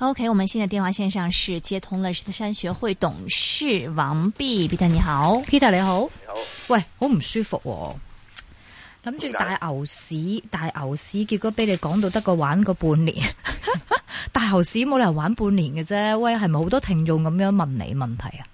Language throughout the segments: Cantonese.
O.K.，我們現在電話線上是接通了獅子山學會董事王弼，Peter 你好，Peter 你好，你好，喂，好唔舒服、哦，諗住大牛市，大牛市，結果俾你講到得個玩個半年，大 牛市冇理由玩半年嘅啫，喂，係咪好多聽眾咁樣問你問題啊？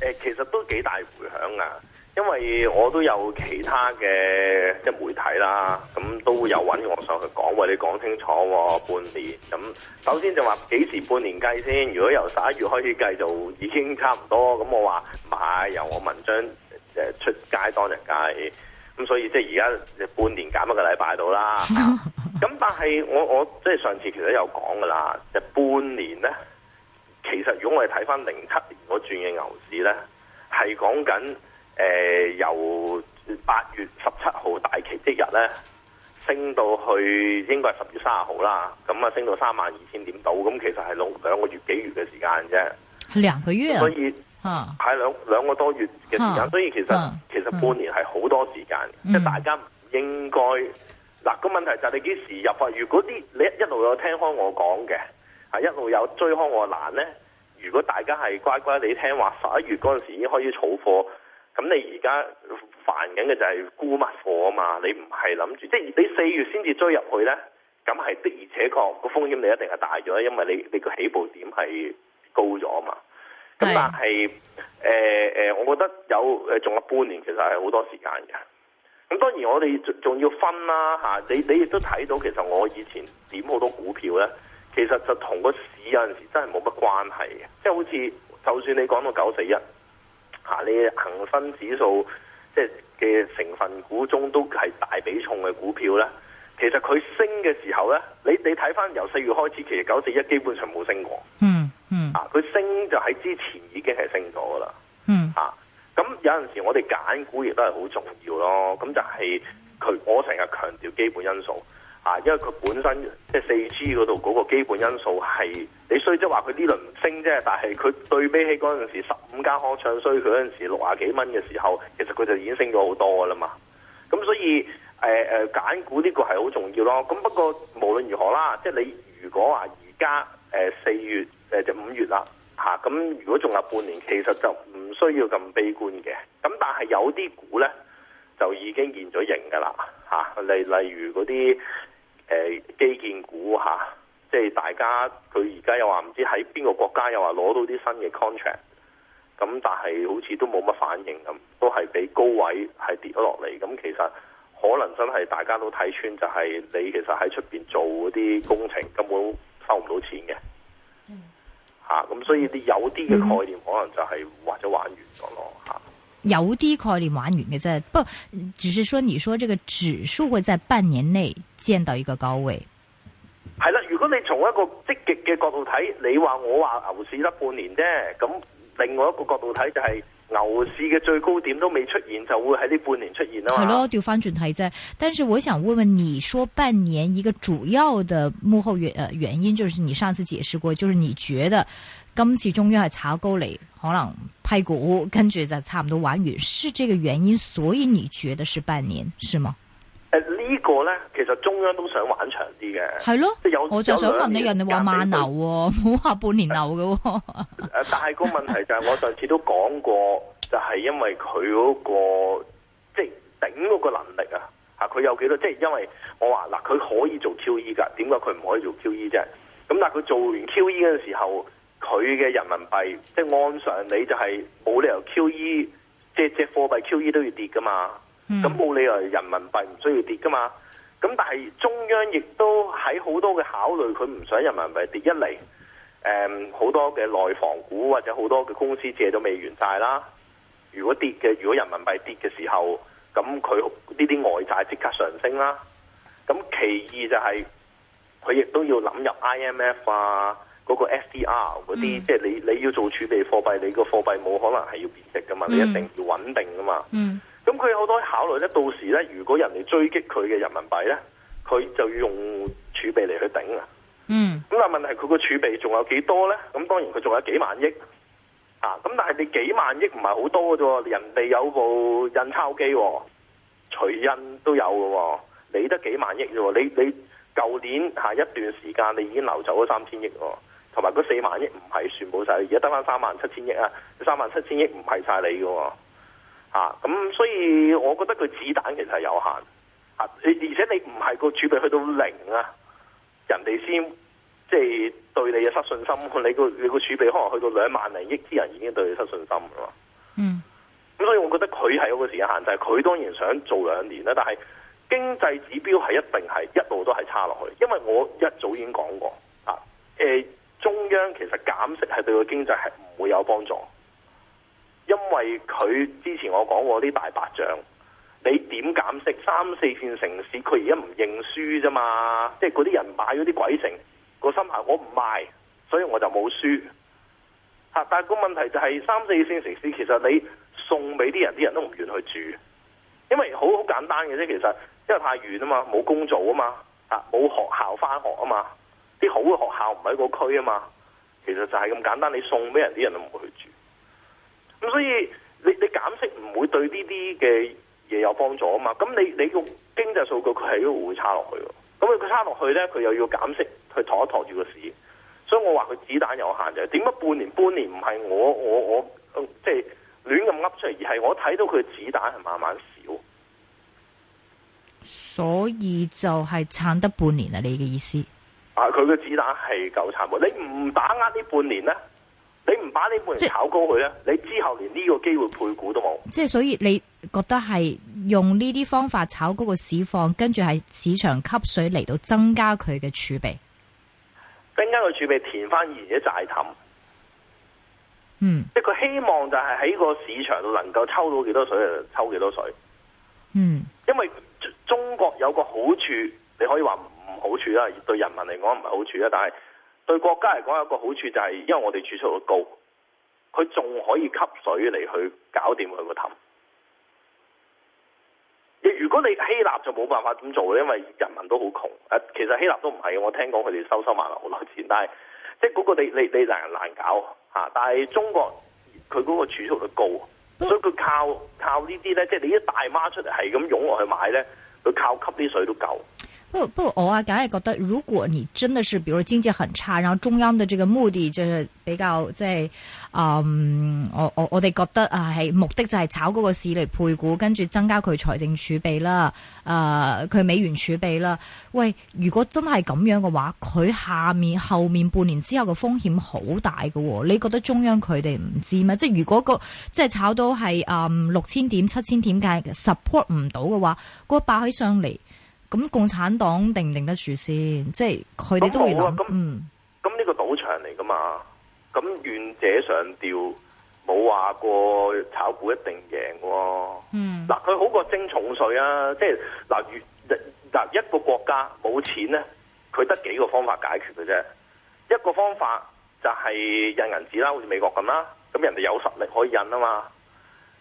誒，其實都幾大回響啊。因為我都有其他嘅即媒體啦，咁都有揾我上去講，為你講清楚、哦、半年。咁首先就話幾時半年計先？如果由十一月開始計，就已經差唔多。咁我話唔係由我文章、呃、出街當日計。咁所以即係而家半年減一個禮拜到啦。咁 但係我我即係上次其實有講噶啦，就半年呢，其實如果我哋睇翻零七年嗰轉嘅牛市呢，係講緊。誒、呃，由八月十七號大期即日咧，升到去應該係十月三十號啦，咁啊升到三萬二千點度咁其實係兩兩個月幾月嘅時間啫。兩個月啊！所以啊，係兩兩個多月嘅時間、啊，所以其實、啊、其實半年係好多時間，即、啊、係、就是、大家唔應該嗱個問題就係你幾時入貨？如果啲你一路有聽開我講嘅，係一路有追開我難咧，如果大家係乖乖地聽話，十一月嗰陣時已經開始儲貨。咁你而家煩緊嘅就係沽乜貨啊嘛？你唔係諗住，即係你四月先至追入去呢？咁係的而且確個風險你一定係大咗，因為你你個起步點係高咗嘛。咁但係、呃、我覺得有、呃、仲有半年，其實係好多時間嘅。咁當然我哋仲要分啦、吓、你你亦都睇到其實我以前點好多股票呢，其實就同個市有陣時真係冇乜關係嘅，即係好似就算你講到九四一。吓，你恒生指數即係嘅成分股中都係大比重嘅股票啦，其實佢升嘅時候咧，你你睇返由四月開始其實九四一基本上冇升過，嗯嗯，啊佢升就喺之前已經係升咗噶啦，嗯，吓、啊、咁有陣時我哋揀股亦都係好重要咯，咁就係、是、佢我成日強調基本因素。啊，因為佢本身即係四 G 嗰度嗰個基本因素係你衰，即係話佢呢輪唔升啫，但係佢對比起嗰陣時十五間康昌衰佢嗰陣時六廿幾蚊嘅時候，其實佢就已經升咗好多噶啦嘛。咁所以誒誒揀股呢個係好重要咯。咁不過無論如何啦，即係你如果話而家誒四月誒就五月啦，嚇咁如果仲有半年，其實就唔需要咁悲觀嘅。咁但係有啲股咧就已經現咗形噶啦嚇，例例如嗰啲。誒、uh,，基建股吓、啊，即係大家佢而家又話唔知喺邊個國家又話攞到啲新嘅 contract，咁但係好似都冇乜反應咁，都係俾高位係跌咗落嚟。咁其實可能真係大家都睇穿，就係你其實喺出邊做嗰啲工程根本收唔到錢嘅。嗯、啊。吓，咁所以啲有啲嘅概念可能就係或者玩完咗咯，吓、啊。有啲概念玩完，嘅啫，不過，只是說你說這個指數會在半年內見到一個高位。係啦， 如果你從一個積極嘅角度睇，你話我話牛市得半年啫，咁另外一個角度睇就係牛市嘅最高點都未出現，就會喺呢半年出現咯，係囉，調返轉睇啫，但是我想問問，你說半年一個主要的幕後原因、呃、原因，就是你上次解釋過，就是你覺得。今次中央係炒高嚟，可能批股，跟住就差唔多玩完，是這個原因，所以你覺得是半年，是嗎？誒、呃，這個、呢個咧，其實中央都想玩長啲嘅，係咯。我就想問你人罵罵、啊，人哋話慢牛，冇話半年牛嘅。誒、呃呃，但係個問題就係，我上次都講過，就係因為佢嗰、那個 即係頂嗰個能力啊，吓、啊、佢有幾多？即係因為我話嗱，佢可以做 QE 噶，點解佢唔可以做 QE 啫？咁、嗯、但係佢做完 QE 嗰陣時候。佢嘅人民幣，即係按常理就係冇理由 QE，即係隻貨幣 QE 都要跌㗎嘛，咁冇理由人民幣唔需要跌㗎嘛。咁但係中央亦都喺好多嘅考慮，佢唔想人民幣跌一嚟。誒、嗯，好多嘅內房股或者好多嘅公司借到美元債啦。如果跌嘅，如果人民幣跌嘅時候，咁佢呢啲外債即刻上升啦。咁其二就係佢亦都要諗入 IMF 啊。那個 SDR 嗰啲、嗯，即係你你要做儲備貨幣，你個貨幣冇可能係要貶值噶嘛、嗯，你一定要穩定噶嘛。咁佢好多考慮咧，到時咧，如果人哋追擊佢嘅人民幣咧，佢就要用儲備嚟去頂啊。嗯，咁但係問題佢個儲備仲有幾多咧？咁當然佢仲有幾萬億啊，咁但係你幾萬億唔係好多嘅啫，人哋有部印鈔機、哦，除印都有嘅、哦，你得幾萬億啫？你你舊年下一段時間，你已經流走咗三千億。同埋嗰四萬億唔係全部晒，而家得返三萬七千億啊！三萬七千億唔係晒你㗎，嚇咁，所以我覺得佢子彈其實係有限，嚇、啊、你而且你唔係個儲備去到零啊，人哋先即係對你嘅失信心。你個你個儲備可能去到兩萬零億，啲人已經對你失信心啦。嗯，咁所以我覺得佢係有一個時間限制，佢當然想做兩年啦，但係經濟指標係一定係一路都係差落去，因為我一早已經講過啊，誒。中央其實減息係對個經濟係唔會有幫助，因為佢之前我講過啲大白象，你點減息？三四線城市佢而家唔認輸啫嘛，即係嗰啲人買咗啲鬼城，個心態我唔賣，所以我就冇輸。嚇！但係個問題就係三四線城市，其實你送俾啲人，啲人都唔願去住，因為好好簡單嘅啫。其實因為太遠啊嘛，冇工做啊嘛，嚇冇學校返學啊嘛。啲好嘅學校唔喺個區啊嘛，其實就係咁簡單。你送俾人啲人都唔會去住，咁所以你你減息唔會對呢啲嘅嘢有幫助啊嘛。咁你你個經濟數據佢係一路會差落去，咁佢佢差落去呢，佢又要減息去托一托住個市。所以我話佢子彈有限嘅，點解半年半年唔係我我我即係亂咁噏出嚟，而係我睇到佢子彈係慢慢少，所以就係撐得半年啊！你嘅意思？啊！佢嘅子彈係夠慘，你唔把握呢半年呢？你唔把呢半年炒高佢呢？你之後連呢個機會配股都冇。即係所以，你覺得係用呢啲方法炒高個市況，跟住喺市場吸水嚟，到增加佢嘅儲備，增加個儲備，填翻以前啲債氹。嗯，即係佢希望就係喺個市場度能夠抽到幾多水就抽幾多水。嗯，因為中國有個好處，你可以話。好處啦，對人民嚟講唔係好處啊，但係對國家嚟講有一個好處就係，因為我哋儲蓄率高，佢仲可以吸水嚟去搞掂佢個氹。如果你希臘就冇辦法點做，因為人民都好窮。誒，其實希臘都唔係，我聽講佢哋收收埋埋好多錢，但係即係嗰個你你你難難搞吓。但係中國佢嗰個儲蓄率高，所以佢靠靠呢啲咧，即係你啲大媽出嚟係咁湧落去買咧，佢靠吸啲水都夠。不過不，我啊，梗係覺得，如果你真係，比如經濟很差，然後中央的這個目的就是比較即係，嗯，我我我哋覺得啊，係目的就係炒嗰個市嚟配股，跟住增加佢財政儲備啦，誒、呃、佢美元儲備啦。喂，如果真係咁樣嘅話，佢下面後面半年之後嘅風險好大嘅、哦，你覺得中央佢哋唔知咩？即係如果個即係炒到係誒六千點、七千點嘅 support 唔到嘅話，個爆起上嚟。咁共產黨定唔定得住先？即係佢哋都會諗，咁呢個賭場嚟噶嘛？咁願者上釣，冇話過炒股一定贏，嗯，嗱，佢好過徵重稅啊！即係嗱，月嗱一個國家冇錢咧，佢得幾個方法解決嘅啫。一個方法就係印銀紙啦，好似美國咁啦，咁人哋有實力可以印啊嘛。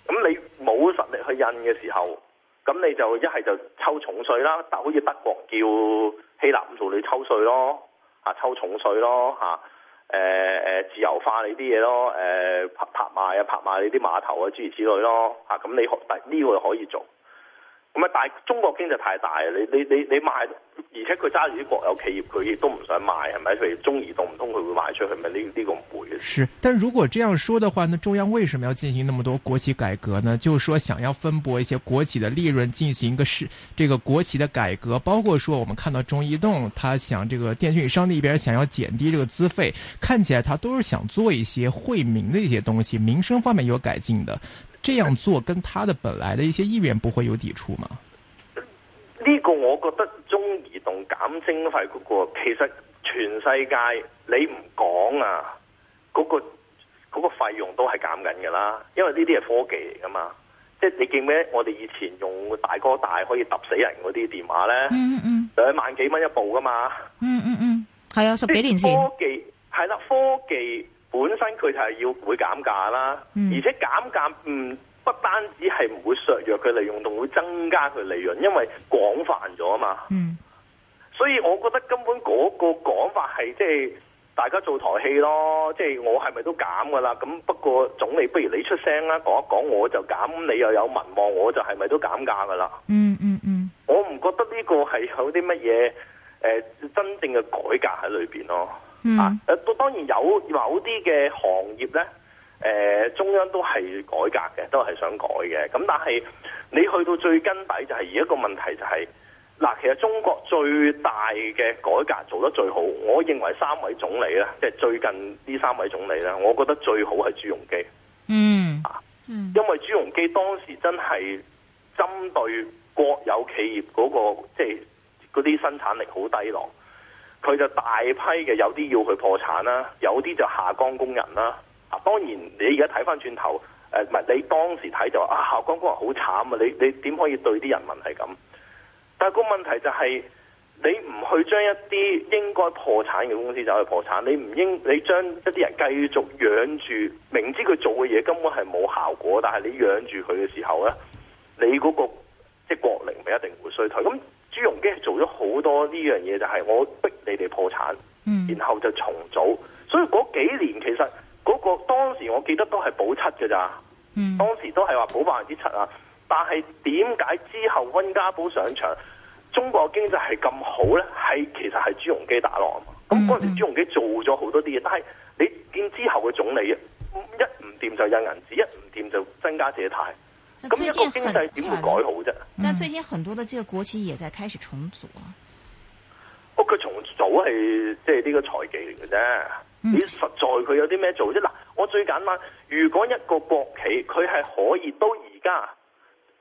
咁你冇實力去印嘅時候。咁你就一係就抽重稅啦，但好似德國叫希臘唔做你抽稅咯、啊，抽重稅咯、啊啊、自由化你啲嘢咯，誒、啊、拍賣啊拍賣你啲碼頭啊諸如此類咯，咁你可第呢個可以做。咁啊！但係中國經濟太大，你你你你賣，而且佢揸住啲國有企業，佢亦都唔想賣，係咪？佢中移動唔通佢會賣出去係咪？呢呢個唔會。是，但如果這樣說的話，那中央為什麼要進行那麼多國企改革呢？就是說想要分薄一些國企的利潤，進行一個是這個國企的改革。包括說，我們看到中移動，他想這個電訊商那一邊想要減低這個資費，看起來他都是想做一些惠民的一些東西，民生方面有改進的。這樣做跟他的本來的一些意願不會有抵觸嗎？呢、這個我覺得中移動減徵費嗰個，其實全世界你唔講啊，嗰、那個嗰、那個費用都係減緊噶啦，因為呢啲係科技嚟噶嘛，即係你見咩？我哋以前用大哥大可以揼死人嗰啲電話咧、嗯嗯，兩萬幾蚊一部噶嘛，嗯嗯嗯，係、嗯嗯、啊，十幾年前，科技係啦、啊，科技。本身佢就係要會減價啦，而且減價唔不單止係唔會削弱佢利用，同會增加佢利潤，因為廣泛咗啊嘛、嗯。所以我覺得根本嗰個講法係即係大家做台戲咯，即係我係咪都減噶啦？咁不過總理不如你出聲啦，講一講我就減，你又有民望，我就係咪都減價噶啦？嗯嗯嗯，我唔覺得呢個係有啲乜嘢誒真正嘅改革喺裏邊咯。嗯，誒都當然有有啲嘅行業咧，誒、呃、中央都係改革嘅，都係想改嘅。咁但係你去到最根底、就是，就係而一個問題就係，嗱，其實中國最大嘅改革做得最好，我認為三位總理咧，即、就、係、是、最近呢三位總理咧，我覺得最好係朱鎔基。嗯，啊，嗯，因為朱鎔基當時真係針對國有企業嗰、那個，即係嗰啲生產力好低落。佢就大批嘅，有啲要去破產啦，有啲就下崗工人啦。啊，當然你而家睇翻轉頭，誒、呃，唔係你當時睇就話啊，下崗工人好慘啊！你你點可以對啲人民係咁？但個問題就係、是、你唔去將一啲應該破產嘅公司走去破產，你唔應，你將一啲人繼續養住，明知佢做嘅嘢根本係冇效果，但係你養住佢嘅時候咧，你嗰、那個即係國力咪一定會衰退咁。嗯朱鎔基係做咗好多呢樣嘢，就係、是、我逼你哋破產、嗯，然後就重組。所以嗰幾年其實嗰、那個當時我記得都係保七㗎咋、嗯，當時都係話保百分之七啊。但係點解之後溫家寶上場，中國經濟係咁好呢？係其實係朱鎔基打落啊嘛。咁嗰陣時朱鎔基做咗好多啲嘢，但係你見之後嘅總理一唔掂就印銀紙，一唔掂就增加借貸。咁一個經濟點會改好啫？但最近很多的這個國企也在開始重組啊。哦、嗯，佢、嗯、重組係即係呢個財技嚟嘅啫。你、嗯、實在佢有啲咩做啫？嗱，我最簡單，如果一個國企佢係可以都而家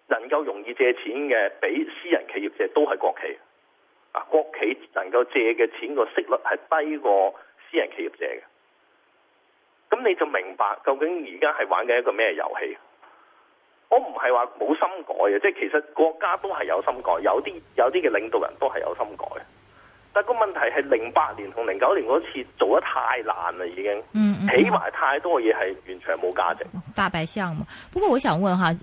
能夠容易借錢嘅，比私人企業借都係國企。啊，國企能夠借嘅錢個息率係低過私人企業借嘅。咁你就明白究竟而家係玩緊一個咩遊戲？我唔係話冇心改嘅，即係其實國家都係有心改，有啲有啲嘅領導人都係有心改。但個問題係零八年同零九年嗰次做得太爛啦，已經起埋太多嘢係完全冇價值。大白象項目，不過我想問哈，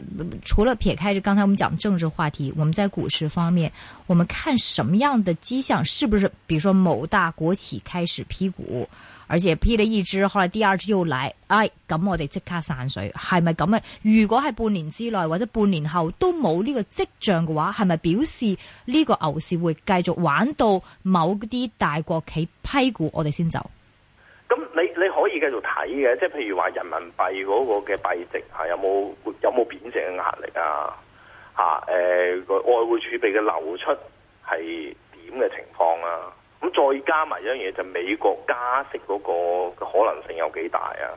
除了撇開就剛才我們講政治話題，我們在股市方面，我們看什麼樣的迹象，是不是，比如說某大國企開始批股？而且 P d E g 可能 DRG o 嚟，哎，咁我哋即刻散水，係咪咁啊？如果係半年之內或者半年後都冇呢個跡象嘅話，係咪表示呢個牛市會繼續玩到某啲大國企批股，我哋先走？咁你你可以繼續睇嘅，即係譬如話人民幣嗰個嘅幣值，有冇有冇貶值嘅壓力啊？吓，誒，外匯儲備嘅流出係點嘅情況啊？咁再加埋一樣嘢就是，美國加息嗰個嘅可能性有幾大，呃哦就是哦，啊？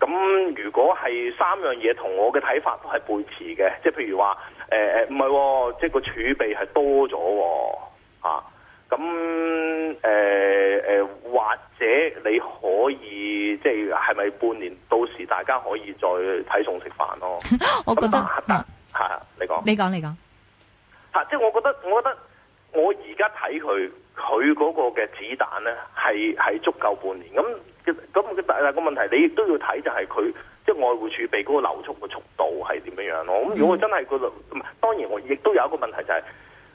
咁如果係三樣嘢同我嘅睇法都係背馳嘅，即係譬如話誒誒唔係，即係個儲備係多咗啊？咁誒誒，或者你可以即係係咪半年到時大家可以再睇餸食飯咯？我覺得吓，嗯嗯嗯嗯，你講你講你講吓，啊，即係我覺得我覺得。我覺得我而家睇佢，佢嗰個嘅子彈呢，係係足夠半年。咁咁但係個問題你，你都要睇就係佢即係外匯儲備嗰個流速嘅速度係點樣樣咯。咁如果真係佢、嗯，當然我亦都有一個問題就係、是。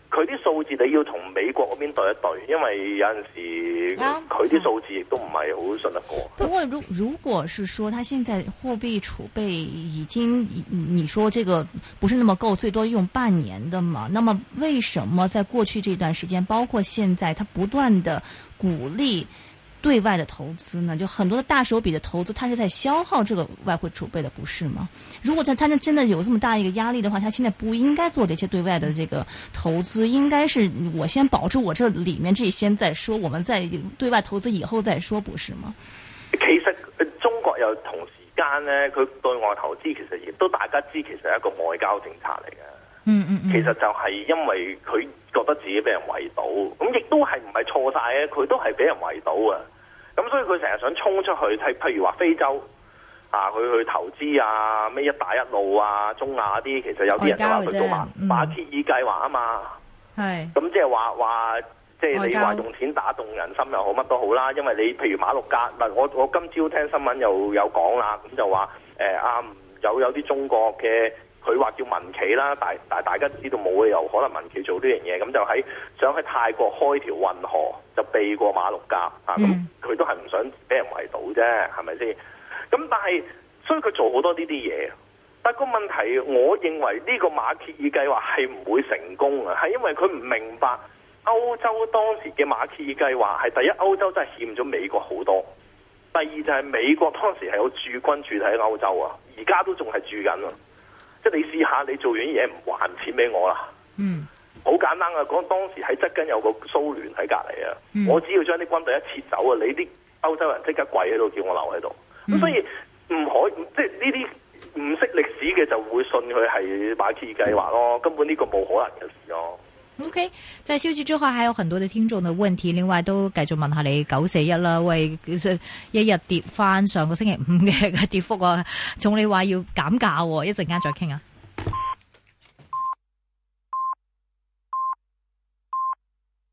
佢啲數字你要同美國嗰邊對一對，因為有陣時佢啲數字亦都唔係好信得過。不、啊、過，如、嗯、如果是說，他現在貨幣儲備已經，你說這個不是那麼夠，最多用半年的嘛？那麼，為什麼在過去這段時間，包括現在，他不斷的鼓勵？對外的投資呢，就很多的大手筆的投資，它是在消耗這個外匯儲備的，不是嗎？如果它它真真的有這麼大一個壓力的話，它現在不應該做這些對外的這個投資，應該是我先保住我這裏面這些再說，我們在對外投資以後再說，不是嗎？其實、呃、中國又同時間呢，佢對外投資其實亦都大家知，其實係一個外交政策嚟嘅。嗯嗯，嗯其實就係因為佢覺得自己俾人圍堵，咁亦都係唔係錯晒，咧？佢都係俾人圍堵啊！咁所以佢成日想衝出去，睇譬如話非洲啊，佢去投資啊，咩一帶一路啊、中亞啲，其實有啲人就話佢做馬馬歇爾、嗯、計劃啊嘛，係。咁即係話話，即係你話用錢打動人心又好，乜都好啦。因為你譬如馬六甲嗱，我我今朝聽新聞又有講啦，咁就話誒啊，有、嗯、有啲中國嘅。佢話叫民企啦，但但大家知道冇理由可能民企做呢樣嘢，咁就喺想去泰國開條運河，就避過馬六甲啊！佢都係唔想俾人圍到啫，係咪先？咁但係，所以佢做好多呢啲嘢。但個問題，我認為呢個馬歇爾計劃係唔會成功嘅，係因為佢唔明白歐洲當時嘅馬歇爾計劃係第一，歐洲真係欠咗美國好多；第二就係美國當時係有駐軍住喺歐洲啊，而家都仲係住緊啊。即你試下，你做完嘢唔還錢俾我啦。嗯，好簡單啊，講當時喺側軍有個蘇聯喺隔籬啊。我只要將啲軍隊一撤走啊，你啲歐洲人即刻跪喺度，叫我留喺度。咁、嗯、所以唔可以，即係呢啲唔識歷史嘅就會信佢係馬歇爾計劃咯。根本呢個冇可能嘅事咯。O.K. 就係消息之後，還有很多的聽眾的問題，另外都繼續問下你九四一啦，喂，一日跌返上個星期五嘅跌幅啊，總理話要減價，一陣間再傾啊。